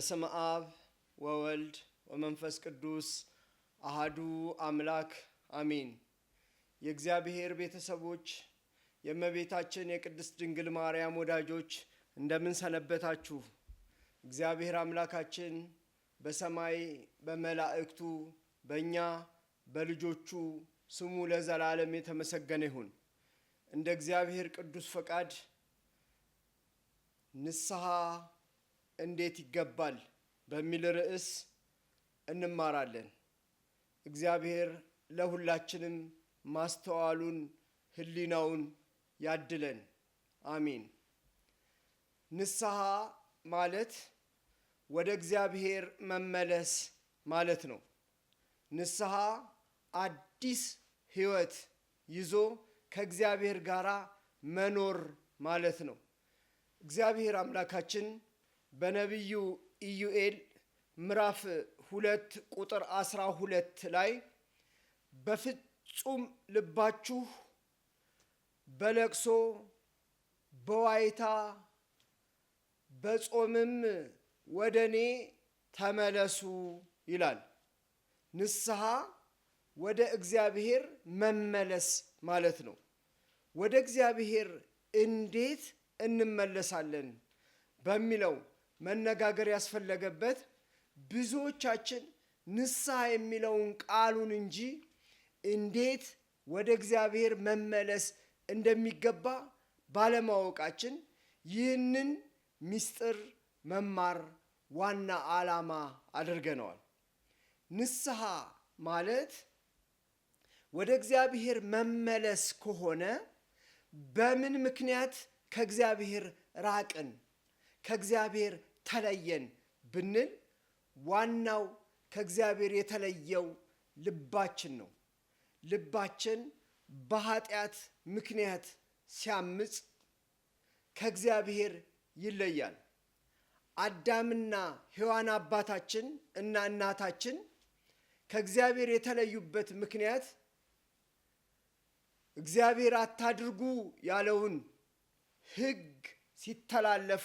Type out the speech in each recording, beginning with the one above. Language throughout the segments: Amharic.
በስም አብ ወወልድ ወመንፈስ ቅዱስ አሃዱ አምላክ አሚን። የእግዚአብሔር ቤተሰቦች፣ የእመቤታችን የቅድስት ድንግል ማርያም ወዳጆች እንደምን ሰነበታችሁ? እግዚአብሔር አምላካችን በሰማይ በመላእክቱ በእኛ በልጆቹ ስሙ ለዘላለም የተመሰገነ ይሁን። እንደ እግዚአብሔር ቅዱስ ፈቃድ ንስሐ እንዴት ይገባል በሚል ርዕስ እንማራለን። እግዚአብሔር ለሁላችንም ማስተዋሉን ሕሊናውን ያድለን። አሚን። ንስሐ ማለት ወደ እግዚአብሔር መመለስ ማለት ነው። ንስሐ አዲስ ሕይወት ይዞ ከእግዚአብሔር ጋር መኖር ማለት ነው። እግዚአብሔር አምላካችን በነቢዩ ኢዩኤል ምዕራፍ ሁለት ቁጥር አስራ ሁለት ላይ በፍጹም ልባችሁ በለቅሶ በዋይታ በጾምም ወደ እኔ ተመለሱ ይላል። ንስሐ ወደ እግዚአብሔር መመለስ ማለት ነው። ወደ እግዚአብሔር እንዴት እንመለሳለን በሚለው መነጋገር ያስፈለገበት ብዙዎቻችን ንስሐ የሚለውን ቃሉን እንጂ እንዴት ወደ እግዚአብሔር መመለስ እንደሚገባ ባለማወቃችን ይህንን ምስጢር መማር ዋና ዓላማ አድርገነዋል። ንስሐ ማለት ወደ እግዚአብሔር መመለስ ከሆነ በምን ምክንያት ከእግዚአብሔር ራቅን? ከእግዚአብሔር ተለየን ብንል ዋናው ከእግዚአብሔር የተለየው ልባችን ነው። ልባችን በኃጢአት ምክንያት ሲያምፅ ከእግዚአብሔር ይለያል። አዳምና ሔዋን አባታችን እና እናታችን ከእግዚአብሔር የተለዩበት ምክንያት እግዚአብሔር አታድርጉ ያለውን ሕግ ሲተላለፉ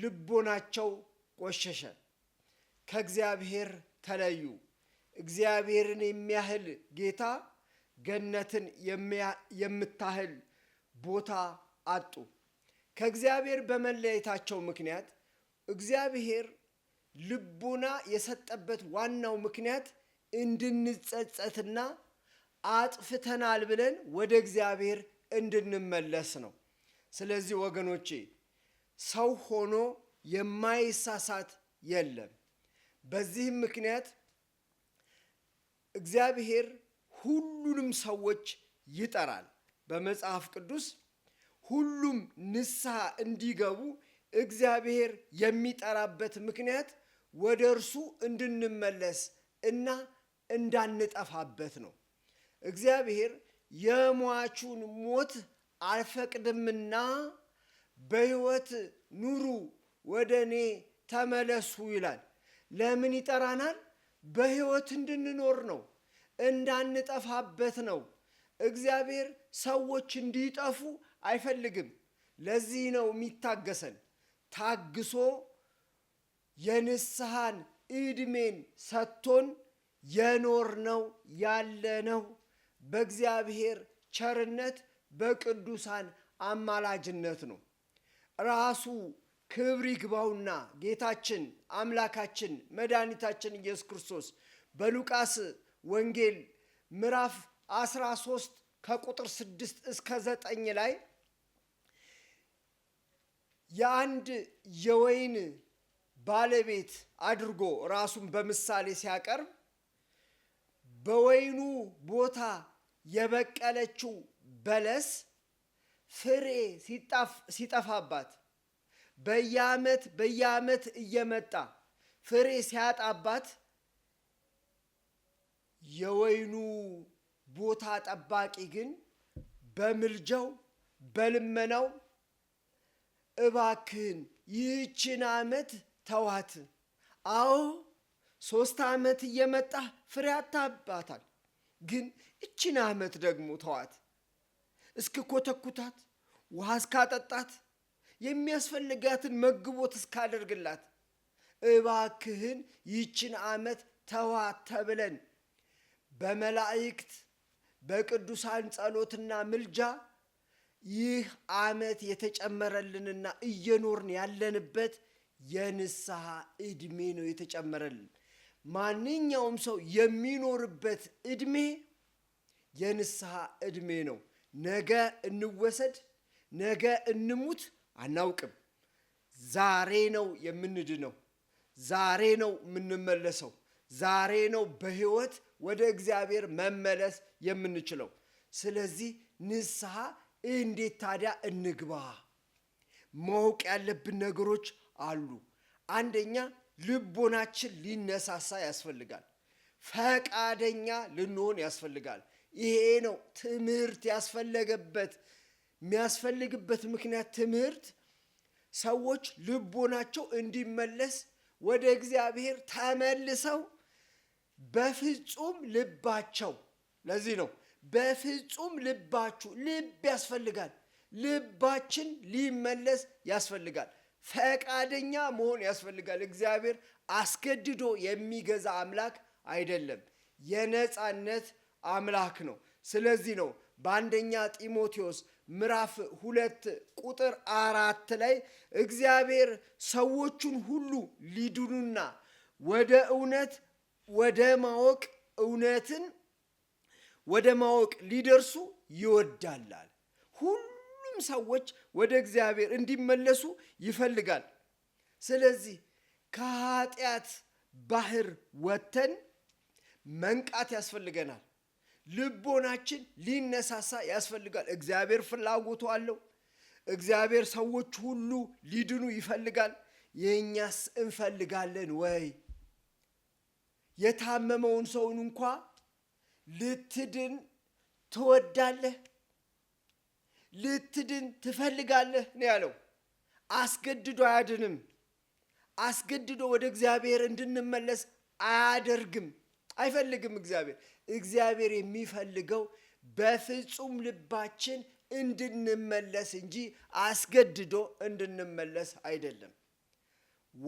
ልቦናቸው ቆሸሸ፣ ከእግዚአብሔር ተለዩ። እግዚአብሔርን የሚያህል ጌታ ገነትን የምታህል ቦታ አጡ። ከእግዚአብሔር በመለያየታቸው ምክንያት እግዚአብሔር ልቦና የሰጠበት ዋናው ምክንያት እንድንጸጸትና አጥፍተናል ብለን ወደ እግዚአብሔር እንድንመለስ ነው። ስለዚህ ወገኖቼ ሰው ሆኖ የማይሳሳት የለም። በዚህም ምክንያት እግዚአብሔር ሁሉንም ሰዎች ይጠራል። በመጽሐፍ ቅዱስ ሁሉም ንስሐ እንዲገቡ እግዚአብሔር የሚጠራበት ምክንያት ወደ እርሱ እንድንመለስ እና እንዳንጠፋበት ነው። እግዚአብሔር የሟቹን ሞት አልፈቅድምና በሕይወት ኑሩ፣ ወደ እኔ ተመለሱ ይላል። ለምን ይጠራናል? በሕይወት እንድንኖር ነው፣ እንዳንጠፋበት ነው። እግዚአብሔር ሰዎች እንዲጠፉ አይፈልግም። ለዚህ ነው የሚታገሰን። ታግሶ የንስሐን ዕድሜን ሰጥቶን ያለ ነው በእግዚአብሔር ቸርነት በቅዱሳን አማላጅነት ነው። ራሱ ክብር ይግባውና ጌታችን አምላካችን መድኃኒታችን ኢየሱስ ክርስቶስ በሉቃስ ወንጌል ምዕራፍ 13 ከቁጥር 6 እስከ 9 ላይ የአንድ የወይን ባለቤት አድርጎ ራሱን በምሳሌ ሲያቀርብ በወይኑ ቦታ የበቀለችው በለስ ፍሬ ሲጠፋባት በየዓመት በየዓመት እየመጣ ፍሬ ሲያጣባት የወይኑ ቦታ ጠባቂ ግን በምልጃው በልመናው እባክህን ይህችን አመት ተዋት። አዎ ሶስት አመት እየመጣ ፍሬ አታባታል፣ ግን እችን አመት ደግሞ ተዋት እስከ ኮተኩታት ውሃ እስካጠጣት የሚያስፈልጋትን መግቦት እስካደርግላት እባክህን ይችን ዓመት ተዋት ተብለን በመላእክት በቅዱሳን ጸሎትና ምልጃ ይህ ዓመት የተጨመረልንና እየኖርን ያለንበት የንስሐ ዕድሜ ነው የተጨመረልን። ማንኛውም ሰው የሚኖርበት ዕድሜ የንስሐ ዕድሜ ነው። ነገ እንወሰድ፣ ነገ እንሙት አናውቅም። ዛሬ ነው የምንድነው። ዛሬ ነው የምንመለሰው። ዛሬ ነው በህይወት ወደ እግዚአብሔር መመለስ የምንችለው። ስለዚህ ንስሐ እንዴት ታዲያ እንግባ? ማወቅ ያለብን ነገሮች አሉ። አንደኛ ልቦናችን ሊነሳሳ ያስፈልጋል። ፈቃደኛ ልንሆን ያስፈልጋል። ይሄ ነው ትምህርት ያስፈለገበት የሚያስፈልግበት ምክንያት ትምህርት ሰዎች ልቦናቸው እንዲመለስ ወደ እግዚአብሔር ተመልሰው በፍጹም ልባቸው ለዚህ ነው በፍጹም ልባችሁ ልብ ያስፈልጋል። ልባችን ሊመለስ ያስፈልጋል። ፈቃደኛ መሆን ያስፈልጋል። እግዚአብሔር አስገድዶ የሚገዛ አምላክ አይደለም። የነፃነት አምላክ ነው። ስለዚህ ነው በአንደኛ ጢሞቴዎስ ምዕራፍ ሁለት ቁጥር አራት ላይ እግዚአብሔር ሰዎቹን ሁሉ ሊድኑና ወደ እውነት ወደ ማወቅ እውነትን ወደ ማወቅ ሊደርሱ ይወዳላል። ሁሉም ሰዎች ወደ እግዚአብሔር እንዲመለሱ ይፈልጋል። ስለዚህ ከኃጢአት ባህር ወጥተን መንቃት ያስፈልገናል። ልቦናችን ሊነሳሳ ያስፈልጋል። እግዚአብሔር ፍላጎቱ አለው። እግዚአብሔር ሰዎች ሁሉ ሊድኑ ይፈልጋል። የእኛስ እንፈልጋለን ወይ? የታመመውን ሰውን እንኳ ልትድን ትወዳለህ፣ ልትድን ትፈልጋለህ ነው ያለው። አስገድዶ አያድንም። አስገድዶ ወደ እግዚአብሔር እንድንመለስ አያደርግም። አይፈልግም። እግዚአብሔር እግዚአብሔር የሚፈልገው በፍጹም ልባችን እንድንመለስ እንጂ አስገድዶ እንድንመለስ አይደለም።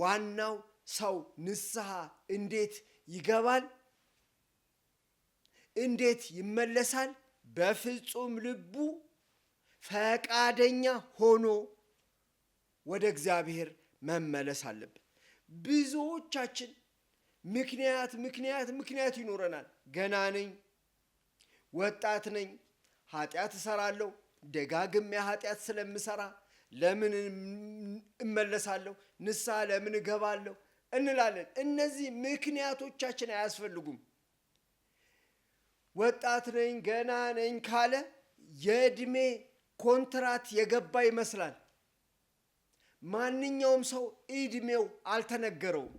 ዋናው ሰው ንስሐ እንዴት ይገባል? እንዴት ይመለሳል? በፍጹም ልቡ ፈቃደኛ ሆኖ ወደ እግዚአብሔር መመለስ አለብን። ብዙዎቻችን ምክንያት ምክንያት ምክንያት ይኖረናል። ገና ነኝ፣ ወጣት ነኝ፣ ኃጢአት እሰራለሁ፣ ደጋግሜ ኃጢአት ስለምሰራ ለምን እመለሳለሁ፣ ንስሐ ለምን እገባለሁ እንላለን። እነዚህ ምክንያቶቻችን አያስፈልጉም። ወጣት ነኝ፣ ገና ነኝ ካለ የእድሜ ኮንትራት የገባ ይመስላል። ማንኛውም ሰው እድሜው አልተነገረውም።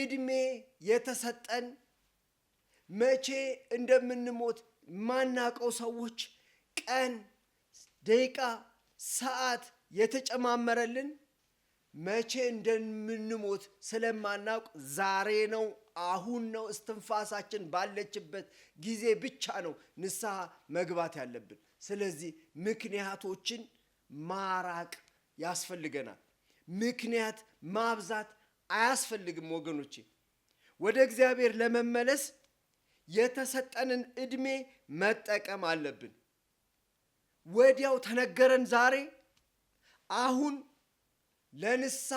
እድሜ የተሰጠን መቼ እንደምንሞት ማናቀው ሰዎች ቀን፣ ደቂቃ፣ ሰዓት የተጨማመረልን መቼ እንደምንሞት ስለማናውቅ ዛሬ ነው፣ አሁን ነው፣ እስትንፋሳችን ባለችበት ጊዜ ብቻ ነው ንስሐ መግባት ያለብን። ስለዚህ ምክንያቶችን ማራቅ ያስፈልገናል። ምክንያት ማብዛት አያስፈልግም ወገኖቼ። ወደ እግዚአብሔር ለመመለስ የተሰጠንን እድሜ መጠቀም አለብን። ወዲያው ተነገረን ዛሬ አሁን ለንሳ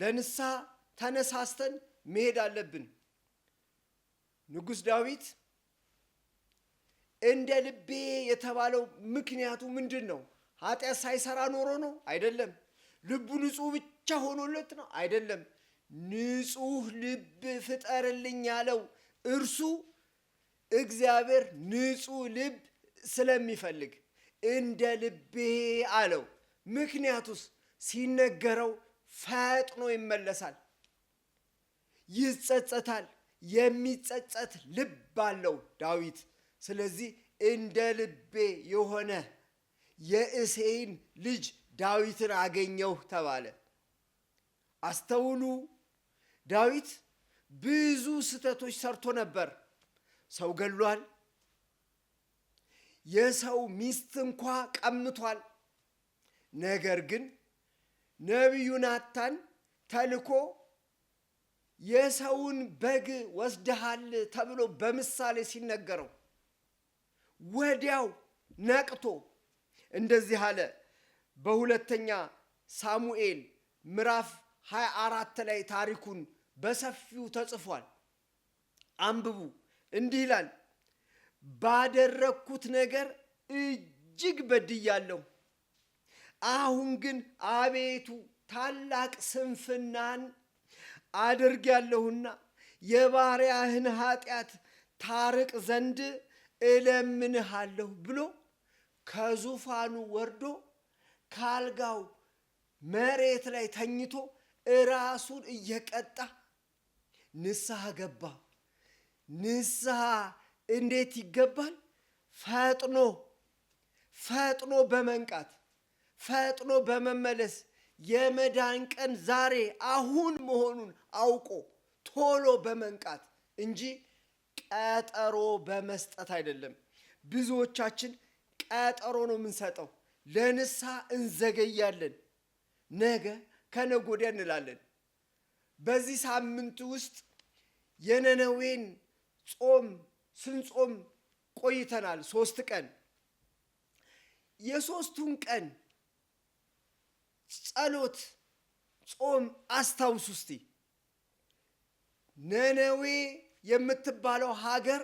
ለንሳ ተነሳስተን መሄድ አለብን። ንጉሥ ዳዊት እንደ ልቤ የተባለው ምክንያቱ ምንድን ነው? ኃጢአት ሳይሰራ ኖሮ ነው? አይደለም። ልቡ ንጹሕ ብቻ ሆኖለት ነው? አይደለም። ንጹህ ልብ ፍጠርልኝ ያለው እርሱ እግዚአብሔር ንጹህ ልብ ስለሚፈልግ እንደ ልቤ አለው። ምክንያቱስ ሲነገረው ፈጥኖ ይመለሳል፣ ይጸጸታል። የሚጸጸት ልብ አለው ዳዊት። ስለዚህ እንደ ልቤ የሆነ የእሴይን ልጅ ዳዊትን አገኘሁ ተባለ። አስተውሉ። ዳዊት ብዙ ስህተቶች ሰርቶ ነበር። ሰው ገሏል። የሰው ሚስት እንኳ ቀምቷል። ነገር ግን ነቢዩ ናታን ተልኮ የሰውን በግ ወስደሃል ተብሎ በምሳሌ ሲነገረው ወዲያው ነቅቶ እንደዚህ አለ። በሁለተኛ ሳሙኤል ምዕራፍ 24 ላይ ታሪኩን በሰፊው ተጽፏል። አንብቡ። እንዲህ ይላል፣ ባደረግኩት ነገር እጅግ በድያለሁ። አሁን ግን አቤቱ ታላቅ ስንፍናን አድርጌያለሁና የባሪያህን ኃጢአት ታርቅ ዘንድ እለምንሃለሁ ብሎ ከዙፋኑ ወርዶ ካልጋው መሬት ላይ ተኝቶ እራሱን እየቀጣ ንስሐ ገባ። ንስሐ እንዴት ይገባል? ፈጥኖ ፈጥኖ በመንቃት ፈጥኖ በመመለስ የመዳን ቀን ዛሬ አሁን መሆኑን አውቆ ቶሎ በመንቃት እንጂ ቀጠሮ በመስጠት አይደለም። ብዙዎቻችን ቀጠሮ ነው የምንሰጠው። ለንስሐ እንዘገያለን። ነገ ከነጎዲያ እንላለን። በዚህ ሳምንት ውስጥ የነነዌን ጾም ስንጾም ቆይተናል። ሶስት ቀን የሶስቱን ቀን ጸሎት ጾም አስታውሱ እስቲ። ነነዌ የምትባለው ሀገር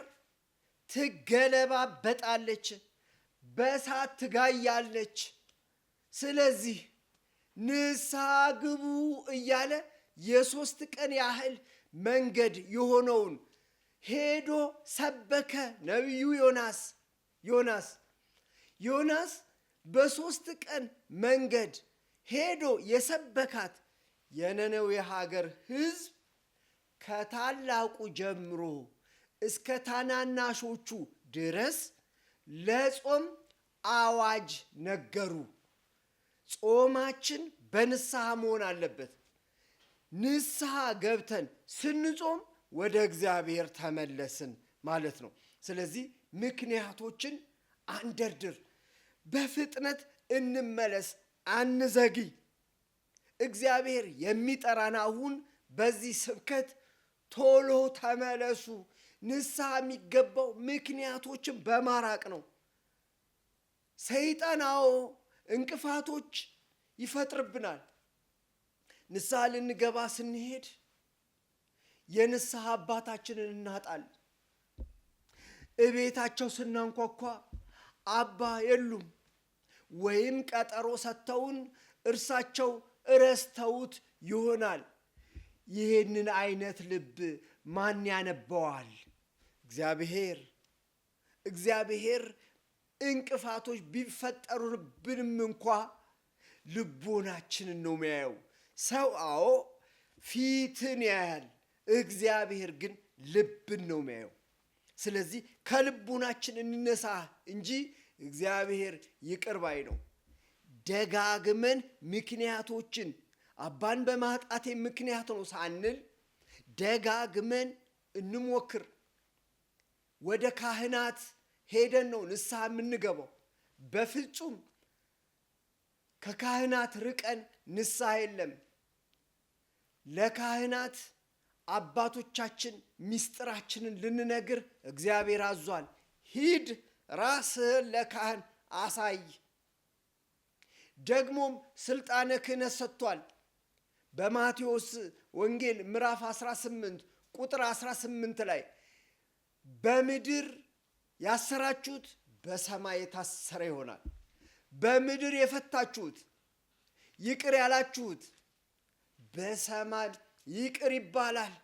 ትገለባ በጣለች በእሳት ትጋያለች። ስለዚህ ንሳ ግቡ እያለ የሶስት ቀን ያህል መንገድ የሆነውን ሄዶ ሰበከ። ነቢዩ ዮናስ ዮናስ ዮናስ በሶስት ቀን መንገድ ሄዶ የሰበካት የነነዌ ሀገር ሕዝብ ከታላቁ ጀምሮ እስከ ታናናሾቹ ድረስ ለጾም አዋጅ ነገሩ። ጾማችን በንስሐ መሆን አለበት። ንስሐ ገብተን ስንጾም ወደ እግዚአብሔር ተመለስን ማለት ነው። ስለዚህ ምክንያቶችን አንደርድር፣ በፍጥነት እንመለስ፣ አንዘግይ። እግዚአብሔር የሚጠራን አሁን በዚህ ስብከት ቶሎ ተመለሱ። ንስሐ የሚገባው ምክንያቶችን በማራቅ ነው። አዎ እንቅፋቶች ይፈጥርብናል። ንስሐ ልንገባ ስንሄድ የንስሐ አባታችንን እናጣል። እቤታቸው ስናንኳኳ አባ የሉም ወይም ቀጠሮ ሰጥተውን እርሳቸው እረስተውት ይሆናል። ይህንን አይነት ልብ ማን ያነበዋል? እግዚአብሔር እግዚአብሔር እንቅፋቶች ቢፈጠሩብንም እንኳ ልቦናችንን ነው የሚያየው። ሰው አዎ ፊትን ያያል፣ እግዚአብሔር ግን ልብን ነው የሚያየው። ስለዚህ ከልቡናችን እንነሳ እንጂ እግዚአብሔር ይቅር ባይ ነው። ደጋግመን ምክንያቶችን አባን በማጣቴ ምክንያት ነው ሳንል ደጋግመን እንሞክር። ወደ ካህናት ሄደን ነው ንስሐ የምንገባው። በፍጹም ከካህናት ርቀን ንስሐ የለም። ለካህናት አባቶቻችን ምስጢራችንን ልንነግር እግዚአብሔር አዟል። ሂድ ራስህን ለካህን አሳይ። ደግሞም ስልጣነ ክህነት ሰጥቷል። በማቴዎስ ወንጌል ምዕራፍ 18 ቁጥር 18 ላይ በምድር ያሰራችሁት በሰማይ የታሰረ ይሆናል፣ በምድር የፈታችሁት ይቅር ያላችሁት በሰማድ ይቅር ይባላል።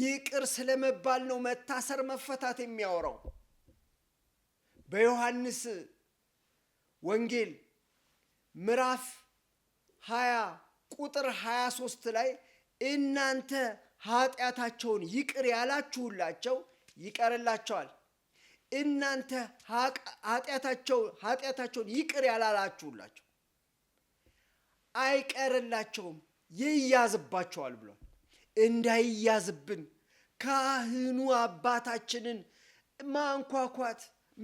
ይቅር ስለመባል ነው መታሰር መፈታት የሚያወራው። በዮሐንስ ወንጌል ምዕራፍ 20 ቁጥር 23 ላይ እናንተ ኃጢአታቸውን ይቅር ያላችሁላቸው ይቀርላቸዋል፣ እናንተ ኃጢአታቸውን ይቅር ያላላችሁላቸው አይቀርላቸውም፣ ይያዝባቸዋል ብሏል። እንዳይያዝብን ካህኑ አባታችንን ማንኳኳት፣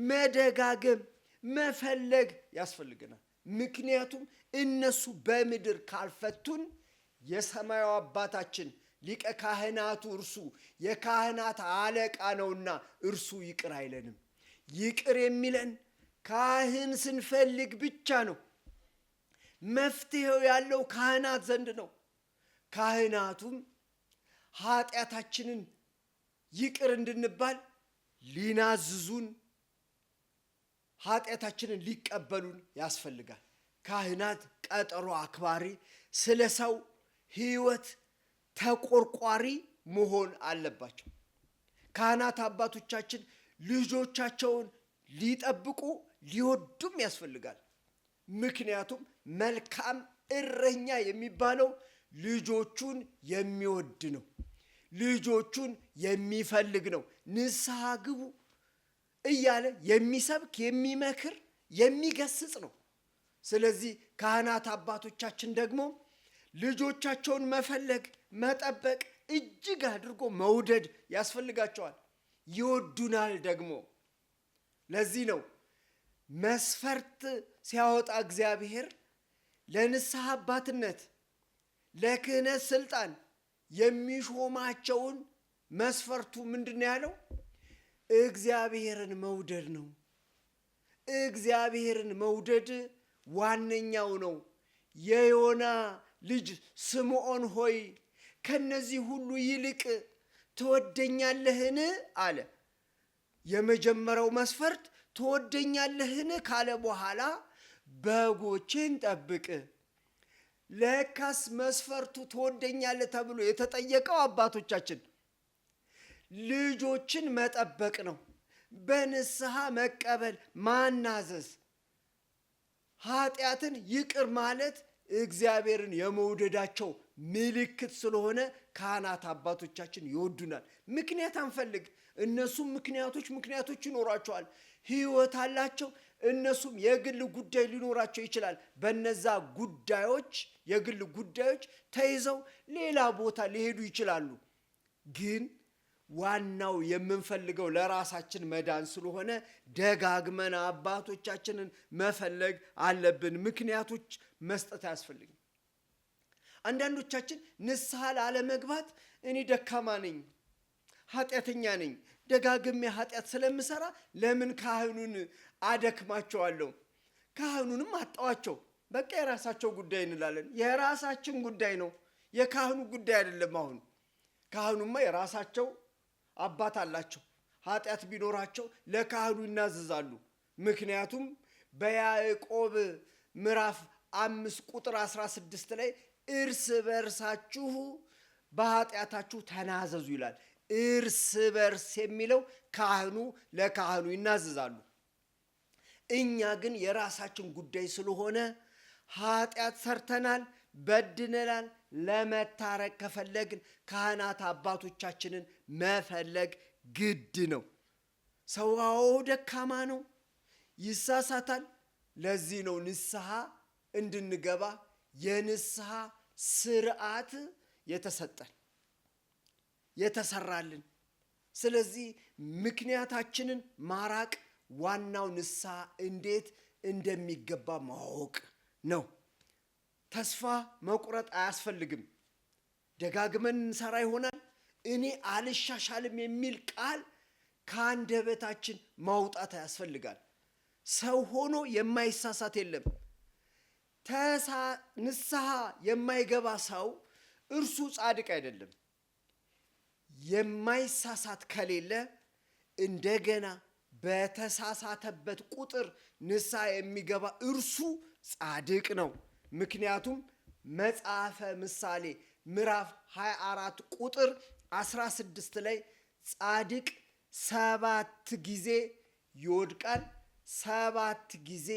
መደጋገም፣ መፈለግ ያስፈልገናል። ምክንያቱም እነሱ በምድር ካልፈቱን የሰማዩ አባታችን ሊቀ ካህናቱ እርሱ የካህናት አለቃ ነውና እርሱ ይቅር አይለንም። ይቅር የሚለን ካህን ስንፈልግ ብቻ ነው። መፍትሄው ያለው ካህናት ዘንድ ነው። ካህናቱም ኃጢአታችንን ይቅር እንድንባል ሊናዝዙን፣ ኃጢአታችንን ሊቀበሉን ያስፈልጋል። ካህናት ቀጠሮ አክባሪ፣ ስለ ሰው ሕይወት ተቆርቋሪ መሆን አለባቸው። ካህናት አባቶቻችን ልጆቻቸውን ሊጠብቁ ሊወዱም ያስፈልጋል። ምክንያቱም መልካም እረኛ የሚባለው ልጆቹን የሚወድ ነው። ልጆቹን የሚፈልግ ነው። ንስሐ ግቡ እያለ የሚሰብክ የሚመክር፣ የሚገስጽ ነው። ስለዚህ ካህናት አባቶቻችን ደግሞ ልጆቻቸውን መፈለግ፣ መጠበቅ እጅግ አድርጎ መውደድ ያስፈልጋቸዋል። ይወዱናል ደግሞ። ለዚህ ነው መስፈርት ሲያወጣ እግዚአብሔር ለንስሐ አባትነት ለክህነት ስልጣን የሚሾማቸውን መስፈርቱ ምንድን ነው ያለው? እግዚአብሔርን መውደድ ነው። እግዚአብሔርን መውደድ ዋነኛው ነው። የዮና ልጅ ስምዖን ሆይ ከነዚህ ሁሉ ይልቅ ትወደኛለህን? አለ። የመጀመሪያው መስፈርት ትወደኛለህን ካለ በኋላ በጎችን ጠብቅ። ለካስ መስፈርቱ ትወደኛለህ ተብሎ የተጠየቀው አባቶቻችን ልጆችን መጠበቅ ነው። በንስሐ መቀበል፣ ማናዘዝ፣ ኃጢአትን ይቅር ማለት እግዚአብሔርን የመውደዳቸው ምልክት ስለሆነ ካህናት አባቶቻችን ይወዱናል። ምክንያት አንፈልግ። እነሱም ምክንያቶች ምክንያቶች ይኖሯቸዋል። ህይወት አላቸው። እነሱም የግል ጉዳይ ሊኖራቸው ይችላል። በነዛ ጉዳዮች የግል ጉዳዮች ተይዘው ሌላ ቦታ ሊሄዱ ይችላሉ። ግን ዋናው የምንፈልገው ለራሳችን መዳን ስለሆነ ደጋግመን አባቶቻችንን መፈለግ አለብን። ምክንያቶች መስጠት አያስፈልግም። አንዳንዶቻችን ንስሐ ላለመግባት እኔ ደካማ ነኝ፣ ኃጢአተኛ ነኝ ደጋግሜ ኃጢአት ስለምሰራ ለምን ካህኑን አደክማቸዋለሁ? ካህኑንም አጣዋቸው። በቃ የራሳቸው ጉዳይ እንላለን። የራሳችን ጉዳይ ነው፣ የካህኑ ጉዳይ አይደለም። አሁን ካህኑማ የራሳቸው አባት አላቸው። ኃጢአት ቢኖራቸው ለካህኑ ይናዘዛሉ። ምክንያቱም በያዕቆብ ምዕራፍ አምስት ቁጥር 16 ላይ እርስ በርሳችሁ በኃጢአታችሁ ተናዘዙ ይላል። እርስ በርስ የሚለው ካህኑ ለካህኑ ይናዝዛሉ። እኛ ግን የራሳችን ጉዳይ ስለሆነ ኃጢአት ሰርተናል፣ በድነናል። ለመታረቅ ከፈለግን ካህናት አባቶቻችንን መፈለግ ግድ ነው። ሰዋው ደካማ ነው፣ ይሳሳታል። ለዚህ ነው ንስሐ እንድንገባ የንስሐ ስርዓት የተሰጠን። የተሰራልን። ስለዚህ ምክንያታችንን ማራቅ ዋናው ንስሐ እንዴት እንደሚገባ ማወቅ ነው። ተስፋ መቁረጥ አያስፈልግም። ደጋግመን እንሰራ ይሆናል እኔ አልሻሻልም የሚል ቃል ከአንደበታችን ማውጣት ያስፈልጋል። ሰው ሆኖ የማይሳሳት የለም። ንስሐ የማይገባ ሰው እርሱ ጻድቅ አይደለም። የማይሳሳት ከሌለ እንደገና በተሳሳተበት ቁጥር ንስሐ የሚገባ እርሱ ጻድቅ ነው። ምክንያቱም መጽሐፈ ምሳሌ ምዕራፍ 24 ቁጥር 16 ላይ ጻድቅ ሰባት ጊዜ ይወድቃል፣ ሰባት ጊዜ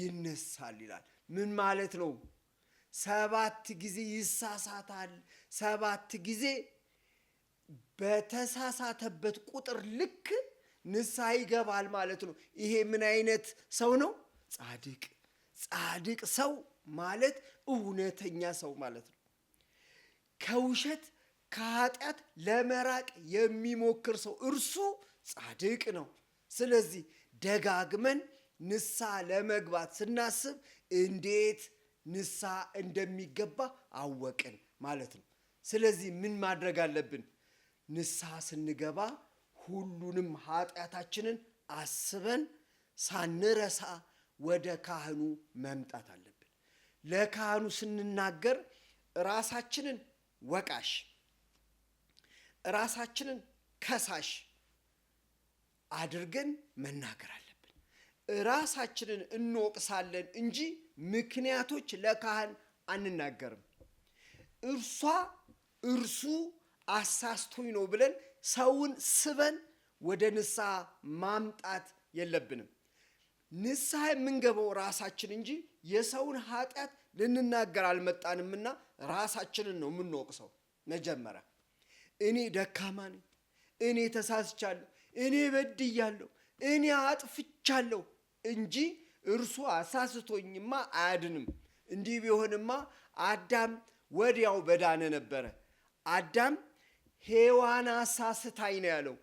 ይነሳል ይላል። ምን ማለት ነው? ሰባት ጊዜ ይሳሳታል፣ ሰባት ጊዜ በተሳሳተበት ቁጥር ልክ ንስሐ ይገባል ማለት ነው። ይሄ ምን አይነት ሰው ነው? ጻድቅ። ጻድቅ ሰው ማለት እውነተኛ ሰው ማለት ነው። ከውሸት ከኃጢአት ለመራቅ የሚሞክር ሰው እርሱ ጻድቅ ነው። ስለዚህ ደጋግመን ንስሐ ለመግባት ስናስብ እንዴት ንስሐ እንደሚገባ አወቅን ማለት ነው። ስለዚህ ምን ማድረግ አለብን? ንስሐ ስንገባ ሁሉንም ኃጢአታችንን አስበን ሳንረሳ ወደ ካህኑ መምጣት አለብን። ለካህኑ ስንናገር ራሳችንን ወቃሽ፣ ራሳችንን ከሳሽ አድርገን መናገር አለብን። ራሳችንን እንወቅሳለን እንጂ ምክንያቶች ለካህን አንናገርም። እርሷ እርሱ አሳስቶኝ ነው ብለን ሰውን ስበን ወደ ንስሐ ማምጣት የለብንም። ንስሐ የምንገባው ራሳችን እንጂ የሰውን ኃጢአት ልንናገር አልመጣንምና ራሳችንን ነው የምንወቅሰው። መጀመሪያ እኔ ደካማ ነኝ፣ እኔ ተሳስቻለሁ፣ እኔ በድያለሁ፣ እኔ አጥፍቻለሁ እንጂ እርሱ አሳስቶኝማ አያድንም። እንዲህ ቢሆንማ አዳም ወዲያው በዳነ ነበረ። አዳም ሔዋን አሳስታኝ ነው ያለው።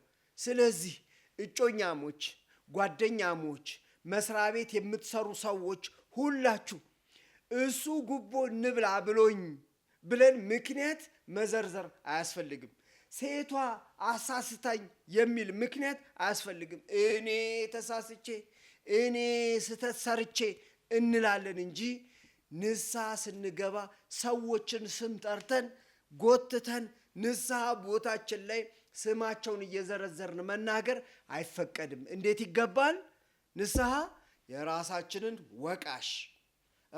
ስለዚህ እጮኛሞች፣ ጓደኛሞች፣ መስሪያ ቤት የምትሰሩ ሰዎች ሁላችሁ እሱ ጉቦ እንብላ ብሎኝ ብለን ምክንያት መዘርዘር አያስፈልግም። ሴቷ አሳስታኝ የሚል ምክንያት አያስፈልግም። እኔ ተሳስቼ እኔ ስህተት ሰርቼ እንላለን እንጂ ንሳ ስንገባ ሰዎችን ስም ጠርተን ጎትተን ንስሐ ቦታችን ላይ ስማቸውን እየዘረዘርን መናገር አይፈቀድም። እንዴት ይገባል? ንስሐ የራሳችንን ወቃሽ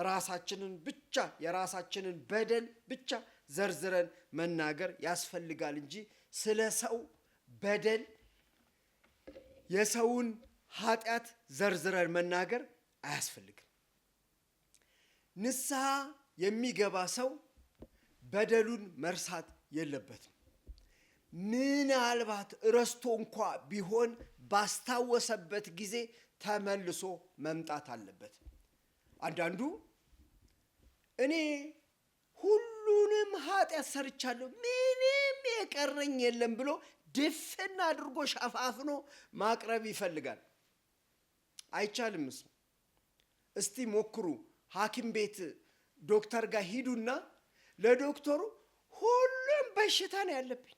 ራሳችንን ብቻ የራሳችንን በደል ብቻ ዘርዝረን መናገር ያስፈልጋል እንጂ ስለ ሰው በደል የሰውን ኃጢአት ዘርዝረን መናገር አያስፈልግም። ንስሐ የሚገባ ሰው በደሉን መርሳት የለበትም። ምናልባት ረስቶ እንኳ ቢሆን ባስታወሰበት ጊዜ ተመልሶ መምጣት አለበት። አንዳንዱ እኔ ሁሉንም ኃጢአት ሰርቻለሁ ምንም የቀረኝ የለም ብሎ ድፍን አድርጎ ሸፋፍኖ ማቅረብ ይፈልጋል። አይቻልም። እሱ እስቲ ሞክሩ። ሐኪም ቤት ዶክተር ጋር ሂዱና ለዶክተሩ ሁሉ በሽታ ነው ያለብኝ።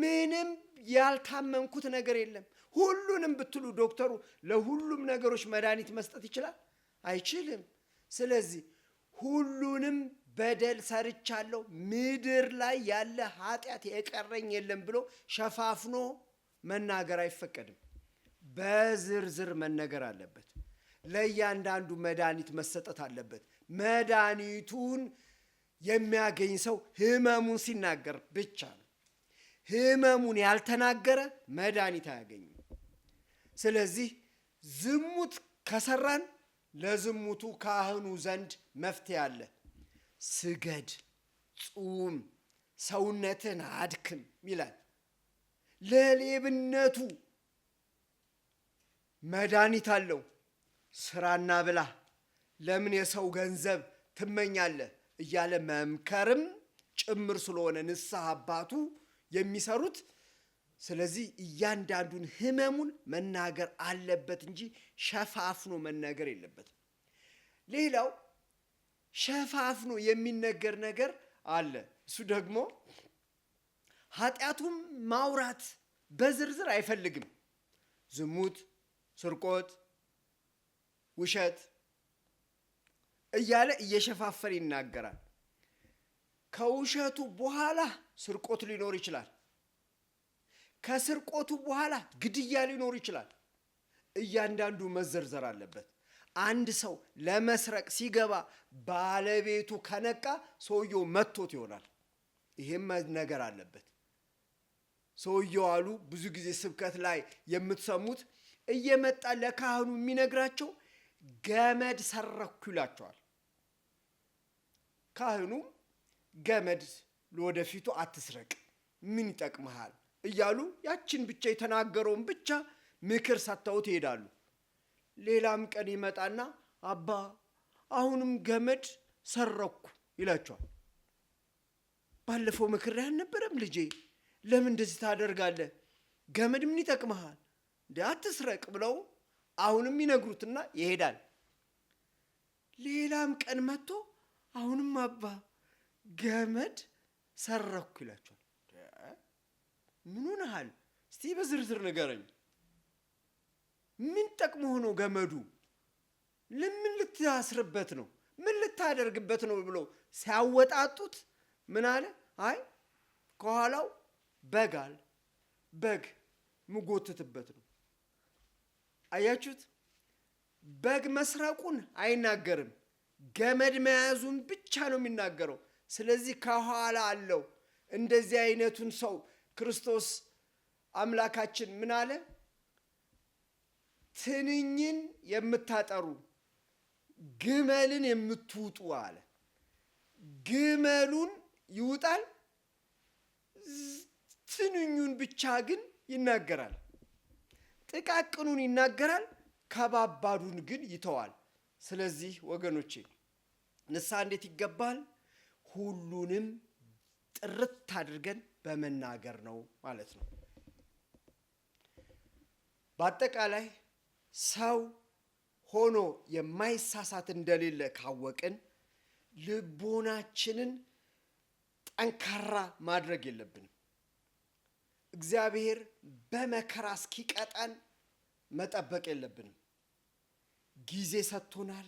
ምንም ያልታመምኩት ነገር የለም። ሁሉንም ብትሉ ዶክተሩ ለሁሉም ነገሮች መድኃኒት መስጠት ይችላል? አይችልም። ስለዚህ ሁሉንም በደል ሰርቻለሁ፣ ምድር ላይ ያለ ኃጢአት የቀረኝ የለም ብሎ ሸፋፍኖ መናገር አይፈቀድም። በዝርዝር መነገር አለበት። ለእያንዳንዱ መድኃኒት መሰጠት አለበት። መድኃኒቱን የሚያገኝ ሰው ህመሙን ሲናገር ብቻ ነው። ህመሙን ያልተናገረ መድኃኒት አያገኝም። ስለዚህ ዝሙት ከሰራን ለዝሙቱ ካህኑ ዘንድ መፍትሄ አለ። ስገድ፣ ጹም፣ ሰውነትን አድክም ይላል። ለሌብነቱ መድኃኒት አለው። ስራና ብላ። ለምን የሰው ገንዘብ ትመኛለህ? እያለ መምከርም ጭምር ስለሆነ ንስሐ አባቱ የሚሰሩት። ስለዚህ እያንዳንዱን ህመሙን መናገር አለበት እንጂ ሸፋፍኖ መናገር የለበትም። ሌላው ሸፋፍኖ የሚነገር ነገር አለ። እሱ ደግሞ ኃጢአቱም ማውራት በዝርዝር አይፈልግም። ዝሙት፣ ስርቆት፣ ውሸት እያለ እየሸፋፈን ይናገራል። ከውሸቱ በኋላ ስርቆት ሊኖር ይችላል። ከስርቆቱ በኋላ ግድያ ሊኖር ይችላል። እያንዳንዱ መዘርዘር አለበት። አንድ ሰው ለመስረቅ ሲገባ ባለቤቱ ከነቃ ሰውየው መቶት ይሆናል። ይሄም ነገር አለበት። ሰውየው አሉ ብዙ ጊዜ ስብከት ላይ የምትሰሙት እየመጣ ለካህኑ የሚነግራቸው ገመድ ሰረኩ ይላቸዋል። ካህኑ ገመድ ለወደፊቱ አትስረቅ፣ ምን ይጠቅመሃል እያሉ ያችን ብቻ የተናገረውን ብቻ ምክር ሰጥተውት ይሄዳሉ። ሌላም ቀን ይመጣና አባ አሁንም ገመድ ሰረኩ ይላቸዋል። ባለፈው ምክር አልነበረም ልጄ ለምን እንደዚህ ታደርጋለህ? ገመድ ምን ይጠቅመሃል? እንዲ አትስረቅ ብለው አሁንም ይነግሩትና ይሄዳል። ሌላም ቀን መጥቶ አሁንም አባ ገመድ ሰረኩ ይላቸዋል። ምን ሆነሃል? እስቲ በዝርዝር ንገረኝ። ምን ጠቅሞ ሆኖ ገመዱ ለምን ልታስርበት ነው? ምን ልታደርግበት ነው? ብለው ሲያወጣጡት ምን አለ? አይ ከኋላው በግ በግ ምጎትትበት ነው። አያችሁት? በግ መስረቁን አይናገርም። ገመድ መያዙን ብቻ ነው የሚናገረው። ስለዚህ ከኋላ አለው። እንደዚህ አይነቱን ሰው ክርስቶስ አምላካችን ምን አለ? ትንኝን የምታጠሩ ግመልን የምትውጡ አለ። ግመሉን ይውጣል፣ ትንኙን ብቻ ግን ይናገራል። ጥቃቅኑን ይናገራል፣ ከባባዱን ግን ይተዋል። ስለዚህ ወገኖቼ ንስሐ እንዴት ይገባል? ሁሉንም ጥርት አድርገን በመናገር ነው ማለት ነው። በአጠቃላይ ሰው ሆኖ የማይሳሳት እንደሌለ ካወቅን ልቦናችንን ጠንካራ ማድረግ የለብንም። እግዚአብሔር በመከራ እስኪቀጠን መጠበቅ የለብንም። ጊዜ ሰጥቶናል።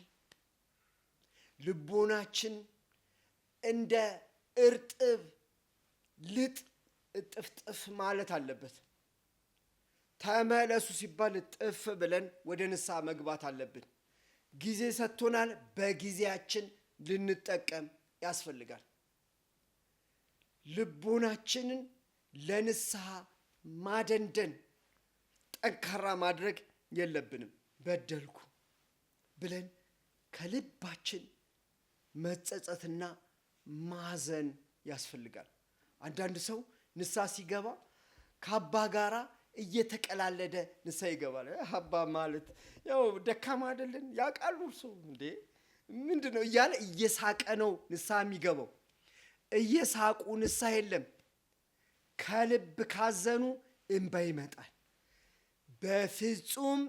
ልቦናችን እንደ እርጥብ ልጥ እጥፍጥፍ ማለት አለበት። ተመለሱ ሲባል ጥፍ ብለን ወደ ንስሐ መግባት አለብን። ጊዜ ሰጥቶናል። በጊዜያችን ልንጠቀም ያስፈልጋል። ልቦናችንን ለንስሐ ማደንደን ጠንካራ ማድረግ የለብንም። በደልኩ ብለን ከልባችን መጸጸትና ማዘን ያስፈልጋል። አንዳንድ ሰው ንሳ ሲገባ ከአባ ጋራ እየተቀላለደ ንሳ ይገባል። አባ ማለት ያው ደካማ አይደለን ያውቃሉ ሰው እንዴ ምንድን ነው እያለ እየሳቀ ነው ንሳ የሚገባው። እየሳቁ ንሳ የለም። ከልብ ካዘኑ እንባ ይመጣል። በፍጹም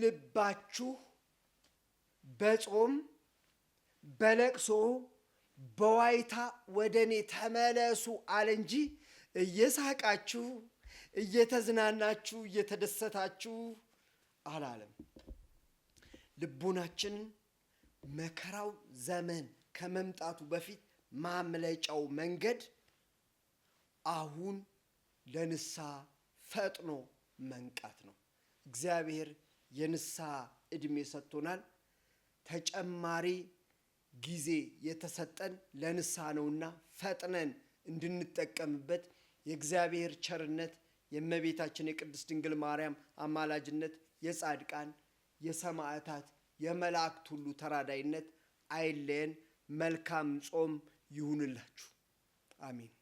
ልባችሁ በጾም በለቅሶ በዋይታ ወደ እኔ ተመለሱ አለ እንጂ እየሳቃችሁ እየተዝናናችሁ እየተደሰታችሁ አላለም። ልቡናችን መከራው ዘመን ከመምጣቱ በፊት ማምለጫው መንገድ አሁን ለንሳ ፈጥኖ መንቃት ነው። እግዚአብሔር የንሳ እድሜ ሰጥቶናል። ተጨማሪ ጊዜ የተሰጠን ለንስሐ ነውና ፈጥነን እንድንጠቀምበት የእግዚአብሔር ቸርነት የእመቤታችን የቅድስት ድንግል ማርያም አማላጅነት የጻድቃን የሰማዕታት የመላእክት ሁሉ ተራዳይነት አይለየን። መልካም ጾም ይሁንላችሁ። አሚን።